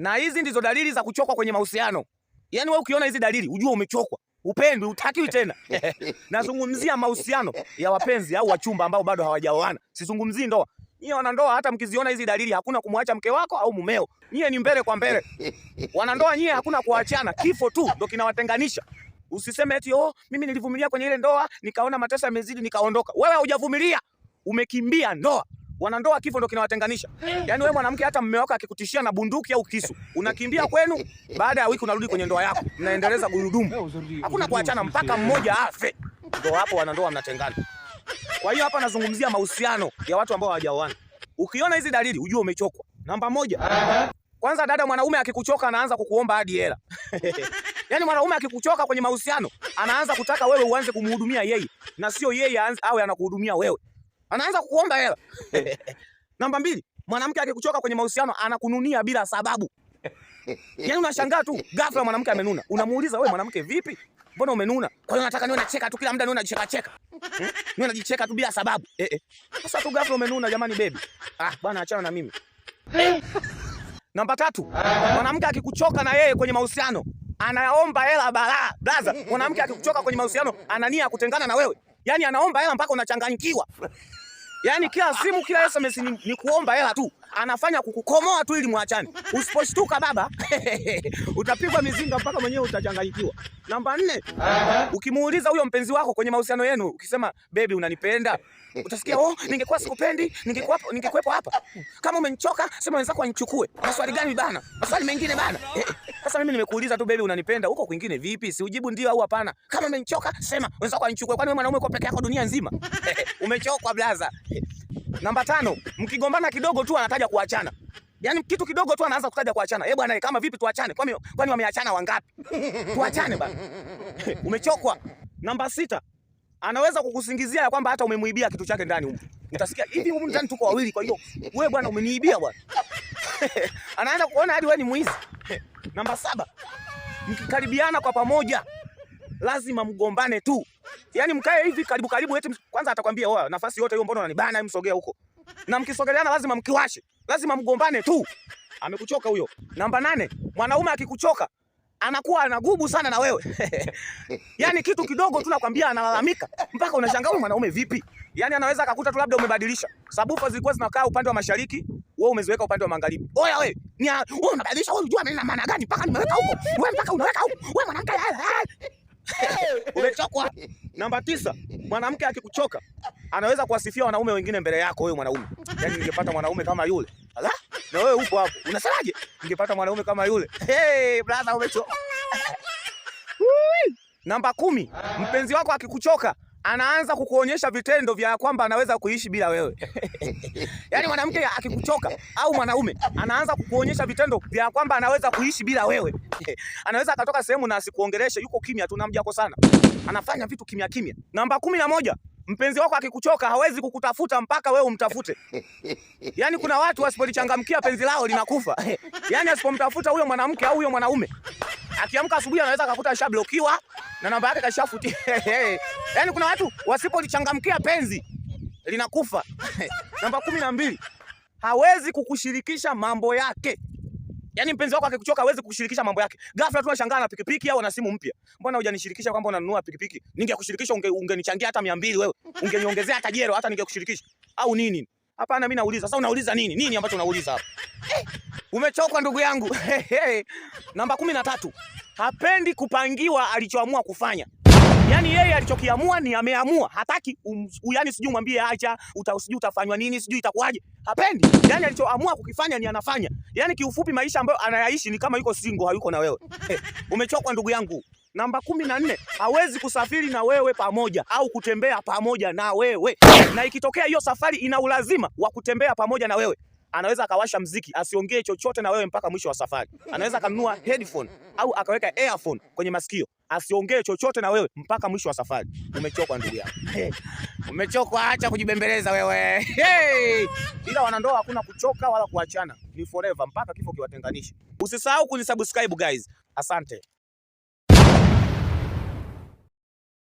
Na hizi ndizo dalili za kuchokwa kwenye mahusiano. Yaani wewe ukiona hizi dalili ujue umechokwa. Upendwi, utakiwi tena. Nazungumzia mahusiano ya wapenzi au wachumba ambao bado hawajaoana. Sizungumzii ndoa. Nyie wanandoa hata mkiziona hizi dalili hakuna kumwacha mke wako au mumeo. Nyie ni mbele kwa mbele. Wanandoa nyie hakuna kuachana. Kifo tu ndo kinawatenganisha. Usiseme eti oh, mimi nilivumilia kwenye ile ndoa, nikaona mateso yamezidi nikaondoka. Wewe haujavumilia. Umekimbia ndoa. Wanandoa kifo ndo kinawatenganisha. Yaani wewe mwanamke, hata mume wako akikutishia na bunduki au kisu, unakimbia kwenu, baada ya wiki unarudi kwenye ndoa yako, mnaendeleza gurudumu. Hakuna kuachana mpaka mmoja afe, ndio hapo wanandoa mnatengana. Kwa hiyo hapa nazungumzia mahusiano ya watu ambao hawajaoana. Ukiona hizi dalili, ujue umechokwa. Namba moja, kwanza dada, mwanaume akikuchoka anaanza kukuomba hadi hela Yaani mwanaume akikuchoka kwenye mahusiano, anaanza kutaka wewe uanze kumhudumia yeye na sio yeye awe anakuhudumia wewe anaanza kukuomba hela eh. namba mbili, mwanamke akikuchoka kwenye mahusiano anakununia bila sababu. Yaani unashangaa tu ghafla mwanamke amenuna, unamuuliza wewe mwanamke, vipi, mbona umenuna? Kwa hiyo nataka niwe nacheka tu kila muda, niwe nacheka cheka, hmm? niwe najicheka tu bila sababu. Eh eh, sasa tu ghafla umenuna, jamani baby, ah bwana, achana na mimi. Namba tatu, mwanamke akikuchoka na yeye kwenye mahusiano anaomba hela balaa. Blaza, mwanamke akikuchoka kwenye mahusiano anania kutengana na wewe, yaani anaomba hela mpaka unachanganyikiwa. Yaani kila simu kila SMS ni, ni kuomba hela tu. Anafanya kukukomoa tu ili mwachane. Usiposhtuka baba, utapigwa mizinga mpaka mwenyewe utachanganyikiwa. Namba nne, uh -huh. Ukimuuliza huyo mpenzi wako kwenye mahusiano yenu, ukisema baby unanipenda, utasikia oh, ningekuwa sikupendi, ningekuwa ningekuwepo hapa. Kama umenichoka, sema wenzako wanichukue. Maswali gani bana? Maswali mengine bana. Eh, eh. Sasa mimi nimekuuliza tu baby, unanipenda huko kwingine vipi? Si ujibu ndio au hapana. Kama umenichoka sema, wenzako anichukue. Kwani wewe mwanaume uko peke yako dunia nzima? Umechoka blaza. Namba tano, mkigombana kidogo tu anataja kuachana. Yaani kitu kidogo tu anaanza kutaja kuachana. Eh, bwana kama vipi tuachane? Kwani kwani wameachana wangapi? Tuachane bwana. Umechokwa. Namba sita, anaweza kukusingizia kwamba hata umemuibia kitu chake ndani huko. Utasikia hivi huko ndani tuko wawili, kwa hiyo wewe bwana umeniibia bwana. Anaanza kuona hadi wewe ni mwizi. Namba saba, mkikaribiana kwa pamoja lazima mgombane tu, yaani mkae hivi karibu karibu, eti kwanza atakwambia wewe, nafasi yote hiyo mbona unanibana? Hebu msogea huko, na mkisogeleana lazima mkiwashe, lazima mgombane tu. Amekuchoka huyo. Namba nane, mwanaume akikuchoka anakuwa anagubu sana na wewe yaani kitu kidogo tu nakwambia, analalamika mpaka unashangaa mwanaume vipi? Yaani anaweza akakuta tu labda umebadilisha, sabufa zilikuwa zinakaa upande wa mashariki wewe umeziweka upande wa magharibi. Oya wewe, ni wewe unabadilisha wewe, unajua maana maana gani mpaka nimeweka huko. Wewe mpaka unaweka huko. Wewe mwanamke. Umechokwa. Namba tisa, mwanamke akikuchoka anaweza kuwasifia wanaume wengine mbele yako wewe mwanaume. Yaani ningepata mwanaume kama yule. Ala? Na wewe upo hapo. Unasemaje? Ningepata mwanaume kama yule. Hey, brother umechoka. Namba kumi, mpenzi wako akikuchoka anaanza kukuonyesha vitendo vya kwamba anaweza kuishi bila wewe. Yaani mwanamke akikuchoka au mwanaume anaanza kukuonyesha vitendo vya kwamba anaweza kuishi bila wewe. Anaweza akatoka sehemu na asikuongeleshe, yuko kimya tu, namjako sana, anafanya vitu kimya kimya. Namba kumi na moja, mpenzi wako akikuchoka hawezi kukutafuta mpaka wewe umtafute. Yaani kuna watu wasipolichangamkia penzi lao linakufa. Yaani asipomtafuta huyo mwanamke au huyo mwanaume, akiamka asubuhi anaweza akakuta ashablokiwa na namba yake kashafutia. Yaani kuna watu wasipolichangamkia penzi linakufa. Namba kumi na mbili, hawezi kukushirikisha mambo yake. Yaani mpenzi wako akikuchoka hawezi kukushirikisha mambo yake. Ghafla tu tunashangaa na pikipiki au na simu mpya. Mbona hujanishirikisha kwamba unanunua pikipiki? Ningekushirikisha unge, ungenichangia hata 200 wewe. Ungeniongezea hata jero hata ningekushirikisha. Au nini? Hapana mimi nauliza. Sasa unauliza nini? Nini ambacho unauliza hapa? Umechoka ndugu yangu. Namba kumi na tatu. Hapendi kupangiwa alichoamua kufanya. Yaani yeye alichokiamua ni ameamua, hataki um, yaani sijui mwambie acha, uta, sijui utafanywa nini, sijui itakuwaje. Hapendi. Yaani alichoamua kukifanya ni anafanya. Yaani kiufupi maisha ambayo anayaishi ni kama yuko single, hayuko na wewe. Hey, eh, umechokwa ndugu yangu. Namba kumi na nne, hawezi kusafiri na wewe pamoja au kutembea pamoja na wewe, na ikitokea hiyo safari ina ulazima wa kutembea pamoja na wewe anaweza akawasha mziki asiongee chochote na wewe mpaka mwisho wa safari. Anaweza akanunua headphone au akaweka earphone kwenye masikio asiongee chochote na wewe mpaka mwisho wa safari. Umechokwa ndugu yangu, umechokwa. Acha kujibembeleza wewe. Hey! Ila wanandoa hakuna kuchoka wala kuachana, ni forever mpaka kifo kiwatenganishe. Usisahau kunisubscribe guys, asante.